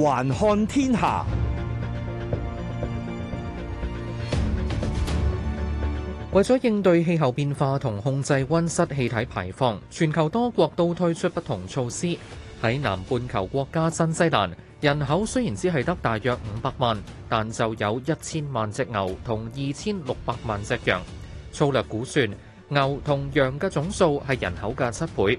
環看天下。為咗應對氣候變化同控制温室氣體排放，全球多國都推出不同措施。喺南半球國家新西蘭，人口雖然只係得大約五百萬，但就有一千萬隻牛同二千六百萬隻羊。粗略估算，牛同羊嘅總數係人口嘅七倍。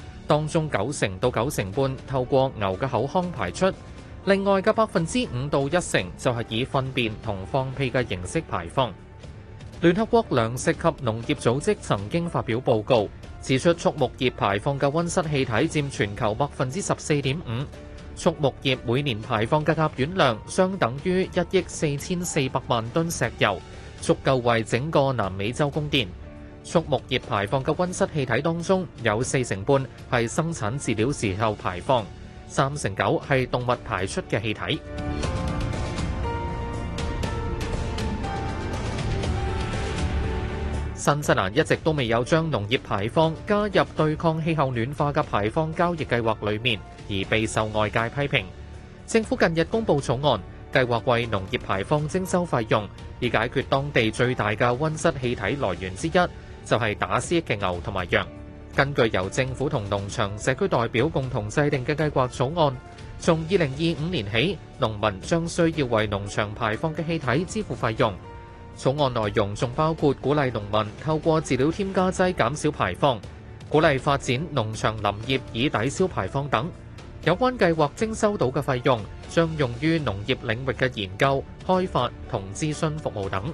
當中九成到九成半透過牛嘅口腔排出，另外嘅百分之五到一成就係以糞便同放屁嘅形式排放。聯合國糧食及農業組織曾經發表報告，指出畜牧業排放嘅溫室氣體佔全球百分之十四點五。畜牧業每年排放嘅甲烷量相等於一億四千四百萬噸石油，足夠為整個南美洲供電。畜牧業排放嘅温室氣體當中有四成半係生產飼料時候排放，三成九係動物排出嘅氣體。新西蘭一直都未有將農業排放加入對抗氣候暖化嘅排放交易計劃裏面，而備受外界批評。政府近日公布草案計劃為農業排放徵收費用，以解決當地最大嘅温室氣體來源之一，就係打嗝嘅牛同埋羊。根據由政府同農場社區代表共同制定嘅計劃草案，從二零二五年起，農民將需要為農場排放嘅氣體支付費用。草案內容仲包括鼓勵農民透過飼料添加劑減少排放，鼓勵發展農場林業以抵消排放等。有關計劃徵收到嘅費用，將用於農業領域嘅研究、開發同諮詢服務等。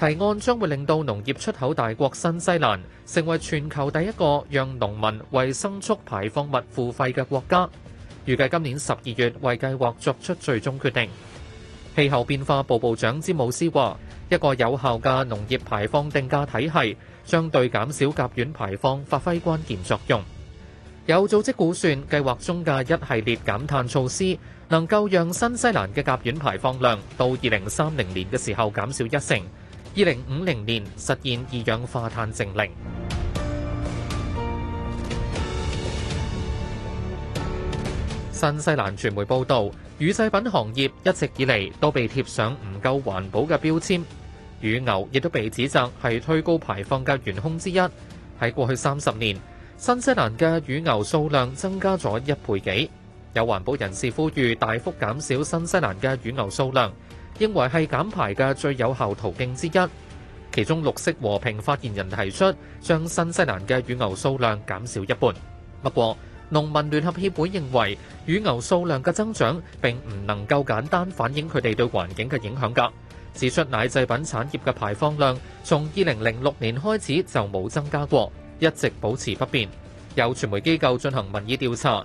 提案將會令到農業出口大國新西蘭成為全球第一個讓農民為牲畜排放物付費嘅國家。預計今年十二月為計劃作出最終決定。氣候變化部部長詹姆斯話：一個有效嘅農業排放定價體系將對減少甲烷排放發揮關鍵作用。有組織估算，計劃中嘅一系列減碳措施能夠讓新西蘭嘅甲烷排放量到二零三零年嘅時候減少一成。二零五零年實現二氧化碳淨零。新西蘭傳媒報導，乳製品行業一直以嚟都被貼上唔夠環保嘅標籤，乳牛亦都被指責係推高排放嘅元兇之一。喺過去三十年，新西蘭嘅乳牛數量增加咗一倍幾。有環保人士呼籲大幅減少新西蘭嘅乳牛數量。認為係減排嘅最有效途徑之一。其中綠色和平發言人提出，將新西蘭嘅乳牛數量減少一半。不過，農民聯合協會認為，乳牛數量嘅增長並唔能夠簡單反映佢哋對環境嘅影響㗎。指出奶製品產業嘅排放量從2006年開始就冇增加過，一直保持不變。有傳媒機構進行民意調查。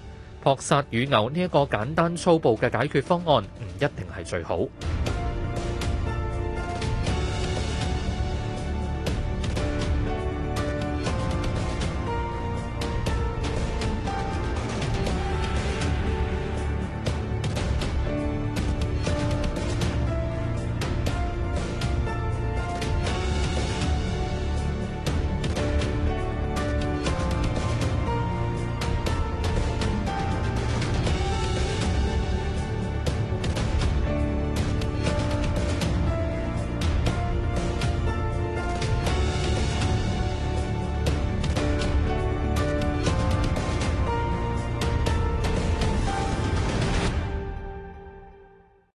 撲殺乳牛呢一個簡單粗暴嘅解決方案，唔一定係最好。